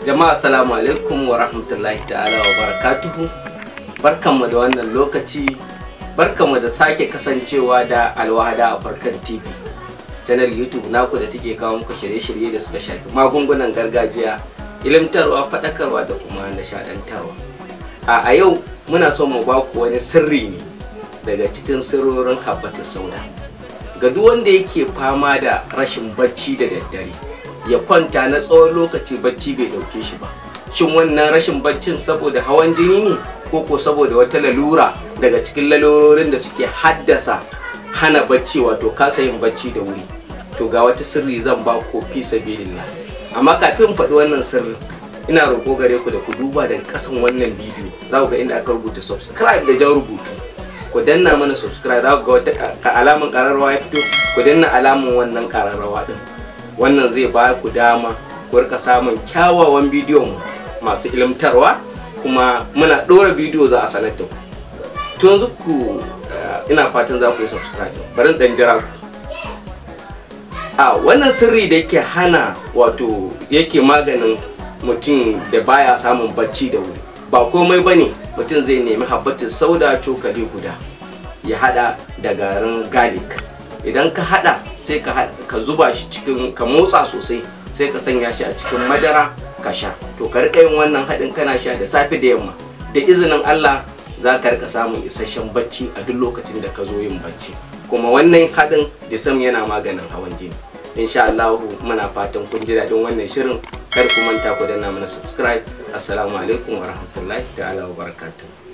jama'a assalamu alaikum wa rahmatullahi ta'ala wa barakatuhu barkanmu da wannan lokaci barkanmu da sake kasancewa da alwahada a farkon tv channel youtube naku da take kawo muku shirye-shirye da suka shafi magungunan gargajiya ilimtarwa faɗakarwa da kuma nishaɗantarwa a yau muna so mu baku wani sirri ne daga cikin sirrorin habbatus sauda ga duk wanda yake fama da rashin bacci da daddare ya kwanta na tsawon lokaci bacci bai dauke shi ba shin wannan rashin baccin saboda hawan jini ne ko ko saboda wata lalura daga cikin lalurorin da suke haddasa hana bacci wato kasa yin bacci da wuri to ga wata sirri zan ba ko fi sabilillah amma kafin faɗi wannan sirri ina roƙo gare ku da ku duba daga ƙasan wannan bidiyo za ku ga inda aka rubuta subscribe da jan rubutu ku danna mana subscribe za ku ga wata alaman ƙararrawa ya fito ku danna alaman wannan ƙararrawa din wannan zai ba ku dama ku rika samun kyawawan bidiyon masu ilimtarwa kuma muna ɗora bidiyo za a sanar da ku to yanzu ku eh, ina fatan za ku yi subscribe bari dan jira ku. a wannan sirri da yake hana wato yake maganin mutum da baya samun bacci da wuri ba komai bane mutum zai nemi habbatin sauda cokali guda ya hada da garin garlic idan ka hada sai ka zuba shi cikin ka motsa sosai sai ka sanya shi a cikin madara ka sha to ka rika yin wannan haɗin kana sha da safe da yamma da izinin Allah za ka rika samun isasshen bacci a duk lokacin da ka zo yin bacci kuma wannan haɗin disam yana maganin hawan jini insha Allah muna fatan kun ji daɗin wannan shirin kar ku manta ku danna mana subscribe assalamu alaikum wa ta'ala wa barakatuh